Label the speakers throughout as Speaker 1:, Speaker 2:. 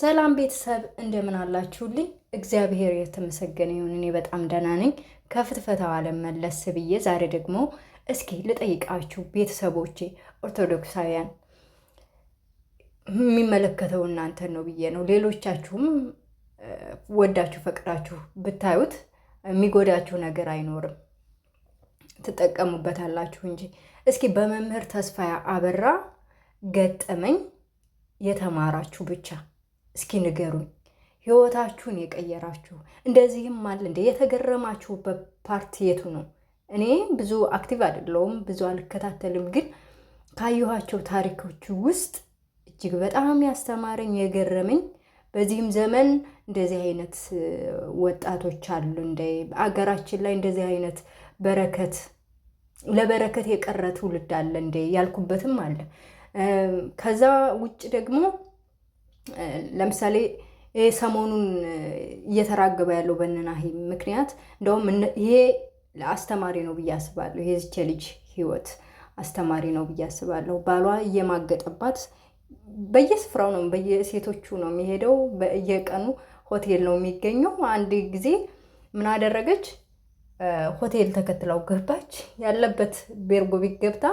Speaker 1: ሰላም ቤተሰብ እንደምን አላችሁልኝ? እግዚአብሔር የተመሰገነ ይሁን። እኔ በጣም ደህና ነኝ። ከፍትፈታው ዓለም መለስ ብዬ ዛሬ ደግሞ እስኪ ልጠይቃችሁ ቤተሰቦቼ ኦርቶዶክሳውያን፣ የሚመለከተው እናንተን ነው ብዬ ነው። ሌሎቻችሁም ወዳችሁ ፈቅዳችሁ ብታዩት የሚጎዳችሁ ነገር አይኖርም፣ ትጠቀሙበታላችሁ እንጂ። እስኪ በመምህር ተስፋ አበራ ገጠመኝ የተማራችሁ ብቻ እስኪ ንገሩኝ። ህይወታችሁን የቀየራችሁ እንደዚህም አለ እንደ የተገረማችሁበት ፓርቲ የቱ ነው? እኔ ብዙ አክቲቭ አይደለሁም፣ ብዙ አልከታተልም። ግን ካየኋቸው ታሪኮች ውስጥ እጅግ በጣም ያስተማረኝ የገረመኝ በዚህም ዘመን እንደዚህ አይነት ወጣቶች አሉ። እንደ አገራችን ላይ እንደዚህ አይነት በረከት ለበረከት የቀረ ትውልድ አለ እንደ ያልኩበትም አለ። ከዛ ውጭ ደግሞ ለምሳሌ ይሄ ሰሞኑን እየተራገበ ያለው በነናሂ ምክንያት እንደውም ይሄ አስተማሪ ነው ብዬ አስባለሁ። የዚች ልጅ ህይወት አስተማሪ ነው ብዬ አስባለሁ። ባሏ እየማገጠባት በየስፍራው ነው፣ በየሴቶቹ ነው የሚሄደው። በየቀኑ ሆቴል ነው የሚገኘው። አንድ ጊዜ ምን አደረገች? ሆቴል ተከትለው ገባች። ያለበት ቤርጎቢክ ገብታ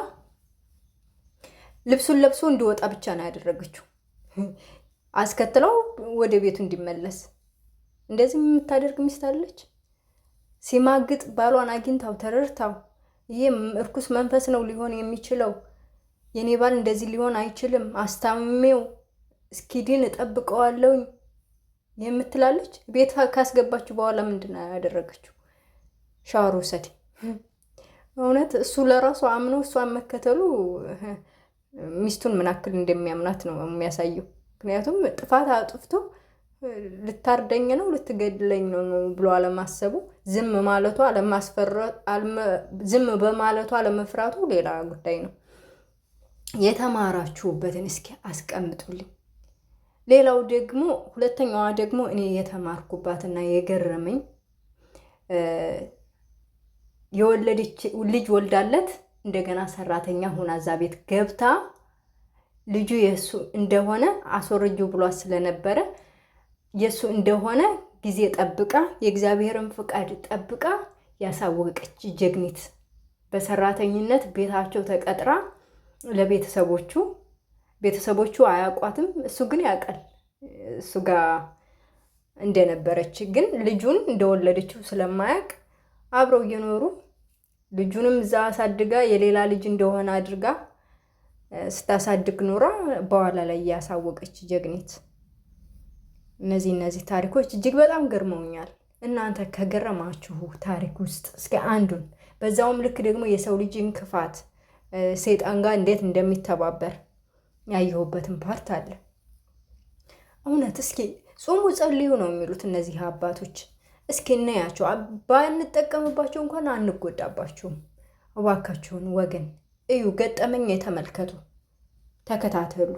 Speaker 1: ልብሱን ለብሶ እንዲወጣ ብቻ ነው ያደረገችው። አስከትለው ወደ ቤቱ እንዲመለስ እንደዚህ የምታደርግ ሚስት አለች። ሲማግጥ ባሏን አግኝታው ተረድታው ይህም እርኩስ መንፈስ ነው ሊሆን የሚችለው የኔ ባል እንደዚህ ሊሆን አይችልም፣ አስታምሜው እስኪድን እጠብቀዋለሁኝ የምትላለች። ቤት ካስገባችሁ በኋላ ምንድን ያደረገችው? ሻወር ውሰድ። እውነት እሱ ለራሱ አምኖ እሷን መከተሉ ሚስቱን ምን እንደሚያምናት ነው የሚያሳየው። ምክንያቱም ጥፋት አጥፍቶ ልታርደኝ ነው ልትገድለኝ ነው ብሎ አለማሰቡ ዝም ማለቱ ዝም በማለቱ አለመፍራቱ ሌላ ጉዳይ ነው። የተማራችሁበትን እስኪ አስቀምጡልኝ። ሌላው ደግሞ ሁለተኛዋ ደግሞ እኔ የተማርኩባትና የገረመኝ የወለደች ልጅ ወልዳለት እንደገና ሰራተኛ ሆና እዛ ቤት ገብታ ልጁ የእሱ እንደሆነ አስወርጂው ብሏት ስለነበረ የእሱ እንደሆነ ጊዜ ጠብቃ የእግዚአብሔርን ፍቃድ ጠብቃ ያሳወቀች ጀግኒት በሰራተኝነት ቤታቸው ተቀጥራ ለቤተሰቦቹ ቤተሰቦቹ አያውቋትም። እሱ ግን ያውቃል እሱ ጋር እንደነበረች ግን ልጁን እንደወለደችው ስለማያውቅ አብረው እየኖሩ ልጁንም እዛ አሳድጋ የሌላ ልጅ እንደሆነ አድርጋ ስታሳድግ ኖራ በኋላ ላይ እያሳወቀች ጀግኒት። እነዚህ እነዚህ ታሪኮች እጅግ በጣም ገርመውኛል። እናንተ ከገረማችሁ ታሪክ ውስጥ እስኪ አንዱን በዛውም ልክ ደግሞ የሰው ልጅ እንክፋት ሰይጣን ጋር እንዴት እንደሚተባበር ያየሁበትን ፓርት አለ። እውነት እስኪ ጾሙ ጸልዩ ነው የሚሉት እነዚህ አባቶች። እስኪ እናያቸው። ባንጠቀምባቸው እንኳን አንጎዳባቸውም እባካችሁን ወገን እዩ ገጠመኝ የተመልከቱ ተከታተሉ።